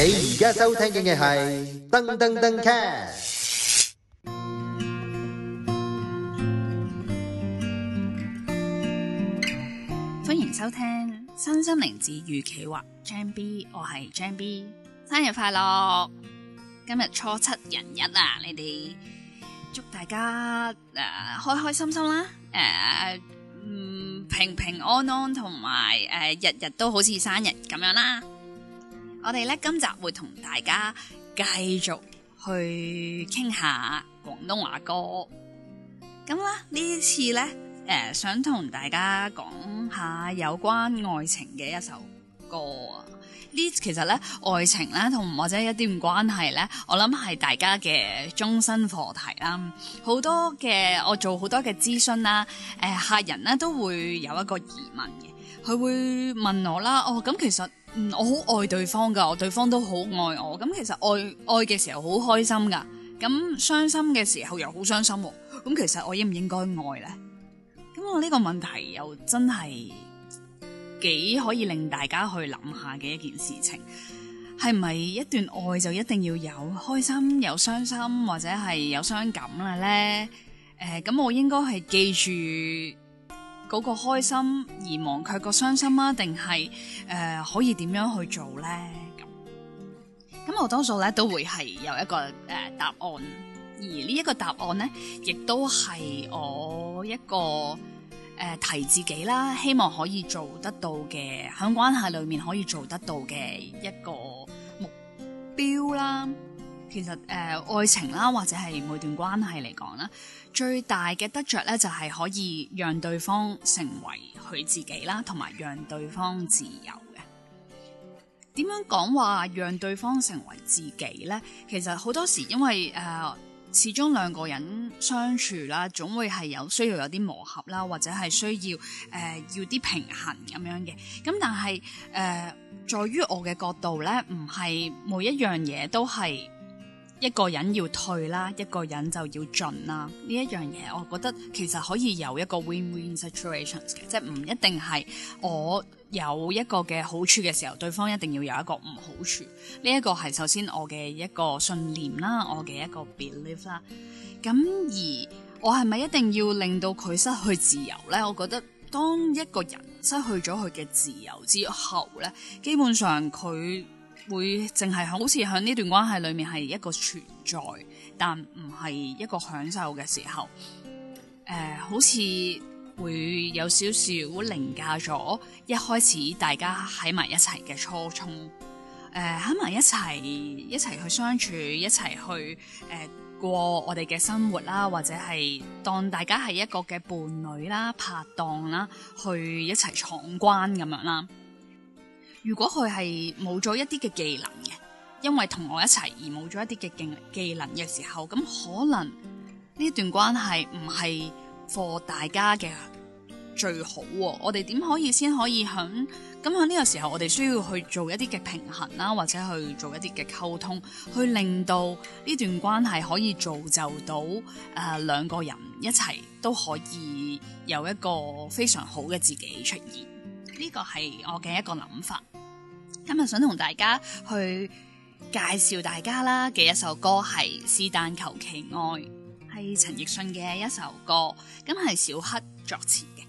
你而家收聽嘅係噔噔噔 cast，歡迎收聽《身心靈治愈企劃》。張 B，我係張 B，生日快樂！今日初七人日啊，你哋祝大家誒、呃、開開心心啦、啊，誒、呃、嗯平平安安，同埋誒日日都好似生日咁樣啦、啊。我哋咧今集會同大家繼續去傾下廣東話歌，咁啦呢次咧誒想同大家講下有關愛情嘅一首歌啊，呢其實咧愛情咧同或者一啲咁關係咧，我諗係大家嘅終身課題啦。好多嘅我做好多嘅諮詢啦，誒、呃、客人咧都會有一個疑問嘅，佢會問我啦，哦咁其實。嗯，我好愛對方噶，我對方都好愛我。咁其實愛愛嘅時候好開心噶，咁傷心嘅時候又好傷心。咁其實我應唔應該愛呢？咁我呢個問題又真係幾可以令大家去諗下嘅一件事情，係咪一段愛就一定要有開心有傷心或者係有傷感啦呢？誒，咁我應該係記住。嗰個開心而忘卻個傷心啊，定係誒可以點樣去做咧？咁咁我多數咧都會係有一個誒、呃、答案，而呢一個答案咧，亦都係我一個誒、呃、提自己啦，希望可以做得到嘅，喺關係裏面可以做得到嘅一個目標啦。其實誒、呃，愛情啦，或者係每段關係嚟講啦，最大嘅得着咧，就係可以讓對方成為佢自己啦，同埋讓對方自由嘅。點樣講話讓對方成為自己呢？其實好多時因為誒、呃，始終兩個人相處啦，總會係有需要有啲磨合啦，或者係需要誒、呃、要啲平衡咁樣嘅。咁但係誒、呃，在於我嘅角度咧，唔係每一樣嘢都係。一個人要退啦，一個人就要進啦。呢一樣嘢，我覺得其實可以有一個 win-win win situations 嘅，即係唔一定係我有一個嘅好處嘅時候，對方一定要有一個唔好處。呢、這、一個係首先我嘅一個信念啦，我嘅一個 belief 啦。咁而我係咪一定要令到佢失去自由呢？我覺得當一個人失去咗佢嘅自由之後呢，基本上佢會淨係好似喺呢段關係裏面係一個存在，但唔係一個享受嘅時候，誒、呃，好似會有少少凌駕咗一開始大家喺埋一齊嘅初衷，誒、呃，喺埋一齊一齊去相處，一齊去誒、呃，過我哋嘅生活啦，或者係當大家係一個嘅伴侶啦、拍檔啦，去一齊闖關咁樣啦。如果佢係冇咗一啲嘅技能嘅，因為同我一齊而冇咗一啲嘅技技能嘅時候，咁可能呢段關係唔係 for 大家嘅最好。我哋點可以先可以響咁響呢個時候，我哋需要去做一啲嘅平衡啦，或者去做一啲嘅溝通，去令到呢段關係可以造就到誒，兩個人一齊都可以有一個非常好嘅自己出現。呢個係我嘅一個諗法，今日想同大家去介紹大家啦嘅一首歌係《是但求其愛》，係陳奕迅嘅一首歌，咁係小黑作詞嘅。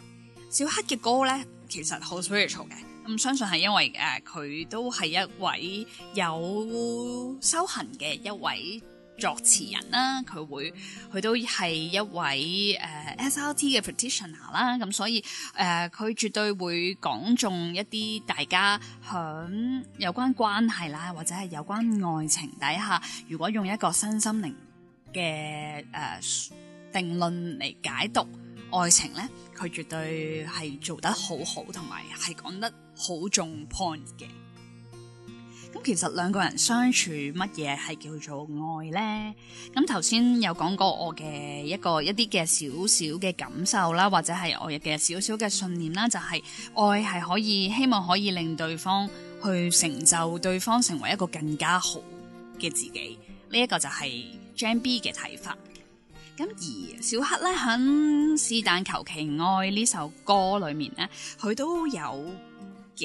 小黑嘅歌咧，其實好 spiritual 嘅，咁、嗯、相信係因為誒，佢、啊、都係一位有修行嘅一位。作詞人啦，佢會佢都係一位誒、呃、SRT 嘅 practitioner 啦、啊，咁所以誒佢、呃、絕對會講中一啲大家響有關關係啦，或者係有關愛情底下，如果用一個身心靈嘅誒、呃、定論嚟解讀愛情咧，佢絕對係做得好好，同埋係講得好中 point 嘅。咁其實兩個人相處乜嘢係叫做愛呢？咁頭先有講過我嘅一個一啲嘅少少嘅感受啦，或者係我嘅少少嘅信念啦，就係愛係可以希望可以令對方去成就對方成為一個更加好嘅自己。呢一個就係 Jam B 嘅睇法。咁而小黑咧，喺是但求其愛呢首歌裏面呢，佢都有。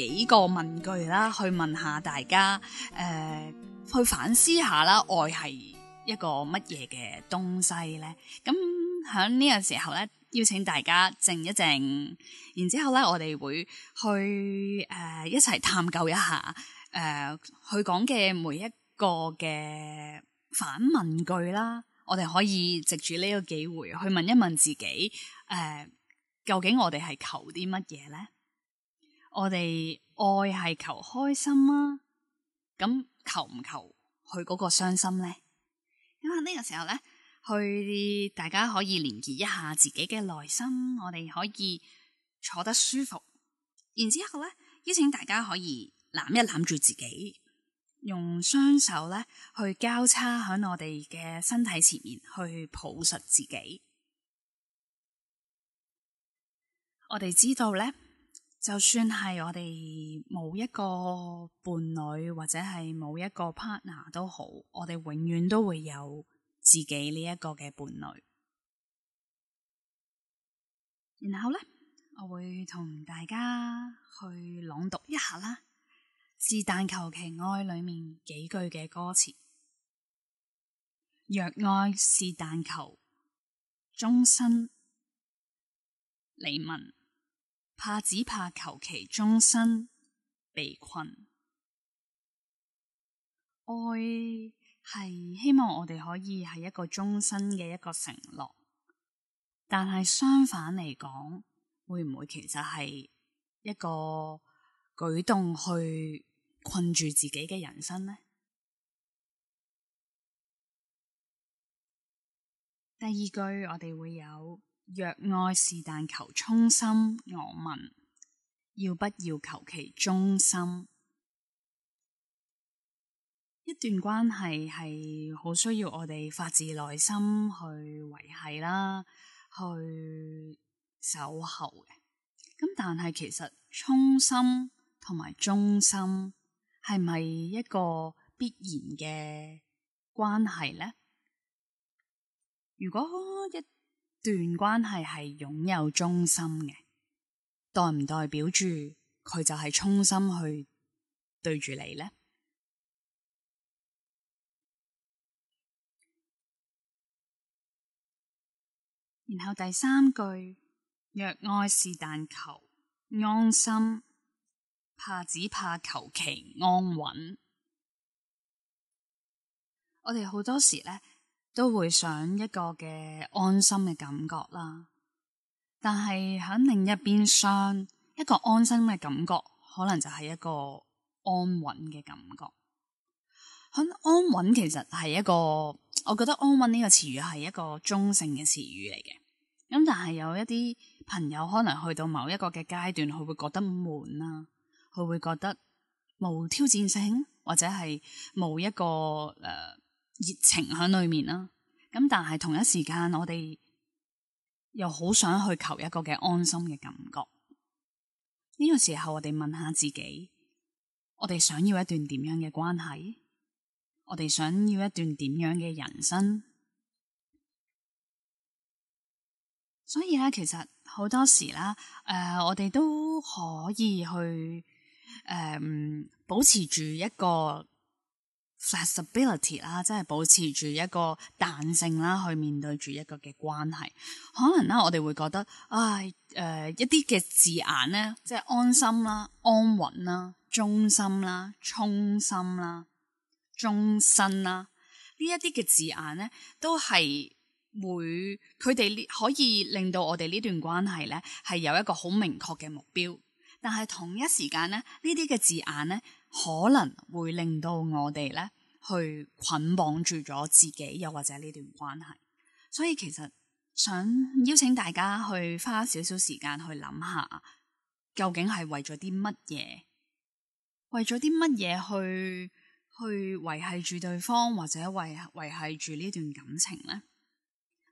幾個問句啦，去問下大家，誒、呃，去反思下啦，愛係一個乜嘢嘅東西咧？咁喺呢個時候咧，邀請大家靜一靜，然之後咧，我哋會去誒、呃、一齊探究一下，誒、呃，佢講嘅每一個嘅反問句啦，我哋可以藉住呢個機會去問一問自己，誒、呃，究竟我哋係求啲乜嘢咧？我哋愛係求開心啦、啊，咁求唔求佢嗰個傷心咧？咁啊呢個時候咧，去大家可以連接一下自己嘅內心，我哋可以坐得舒服。然之後咧，邀請大家可以攬一攬住自己，用雙手咧去交叉喺我哋嘅身體前面去抱實自己。我哋知道咧。就算係我哋冇一個伴侶或者係冇一個 partner 都好，我哋永遠都會有自己呢一個嘅伴侶。然後咧，我會同大家去朗讀一下啦，《是但求其愛》裏面幾句嘅歌詞：若愛是但求終身離文。怕只怕求其終身被困，愛係希望我哋可以係一個終身嘅一個承諾，但係相反嚟講，會唔會其實係一個舉動去困住自己嘅人生呢？第二句我哋會有。若愛是但求衷心，我問要不要求其忠心？一段關係係好需要我哋發自內心去維繫啦，去守候嘅。咁但係其實衷心同埋忠心係咪一個必然嘅關係呢？如果一段關係係擁有忠心嘅，代唔代表住佢就係衷心去對住你呢？然後第三句，若愛是但求安心，怕只怕求其安穩。我哋好多時呢。都會想一個嘅安心嘅感覺啦，但係喺另一邊想，想一個安心嘅感覺，可能就係一個安穩嘅感覺。喺、嗯、安穩其實係一個，我覺得安穩呢個詞語係一個中性嘅詞語嚟嘅。咁、嗯、但係有一啲朋友可能去到某一個嘅階段，佢會覺得悶啦、啊，佢會覺得冇挑戰性，或者係冇一個誒。呃熱情喺裏面啦，咁但係同一時間我哋又好想去求一個嘅安心嘅感覺。呢個時候我哋問下自己，我哋想要一段點樣嘅關係？我哋想要一段點樣嘅人生？所以咧，其實好多時啦，誒、呃，我哋都可以去誒、呃，保持住一個。flexibility 啦，Flex ibility, 即係保持住一個彈性啦，去面對住一個嘅關係。可能啦，我哋會覺得，唉，誒、呃、一啲嘅字眼咧，即係安心啦、安穩啦、忠心啦、衷心啦、忠身啦，呢一啲嘅字眼咧，都係會佢哋可以令到我哋呢段關係咧，係有一個好明確嘅目標。但係同一時間咧，呢啲嘅字眼咧，可能會令到我哋咧，去捆綁住咗自己，又或者呢段關係。所以其實想邀請大家去花少少時間去諗下，究竟係為咗啲乜嘢？為咗啲乜嘢去去維繫住對方，或者維維繫住呢段感情呢？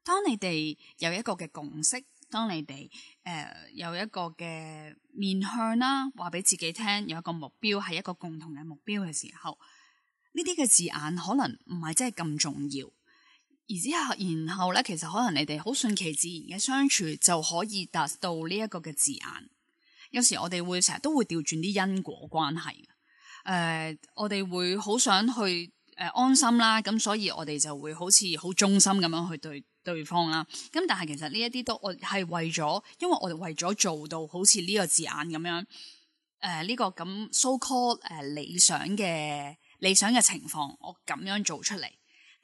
當你哋有一個嘅共識。當你哋誒、uh, 有一個嘅面向啦，話俾自己聽，有一個目標，係一個共同嘅目標嘅時候，呢啲嘅字眼可能唔係真係咁重要。而之後，然後咧，其實可能你哋好順其自然嘅相處就可以達到呢一個嘅字眼。有時我哋會成日都會調轉啲因果關係，誒、uh,，我哋會好想去誒、uh, 安心啦，咁所以我哋就會好似好忠心咁樣去對。對方啦，咁但係其實呢一啲都我係為咗，因為我哋為咗做到好似呢個字眼咁樣，誒、呃、呢、這個咁 so called、呃、理想嘅理想嘅情況，我咁樣做出嚟。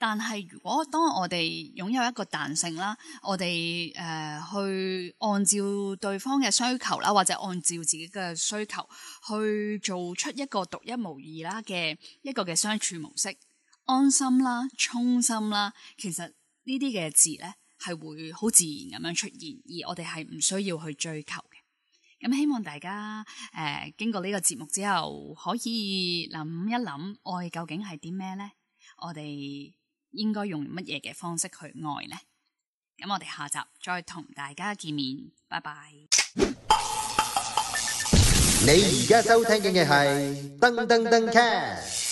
但係如果當我哋擁有一個彈性啦，我哋誒、呃、去按照對方嘅需求啦，或者按照自己嘅需求去做出一個獨一無二啦嘅一個嘅相處模式，安心啦、衷心啦，其實。呢啲嘅字咧，係會好自然咁樣出現，而我哋係唔需要去追求嘅。咁希望大家，誒、呃，經過呢個節目之後，可以諗一諗愛究竟係啲咩咧？我哋應該用乜嘢嘅方式去愛咧？咁我哋下集再同大家見面，拜拜。你而家收聽緊嘅係《噔噔噔 c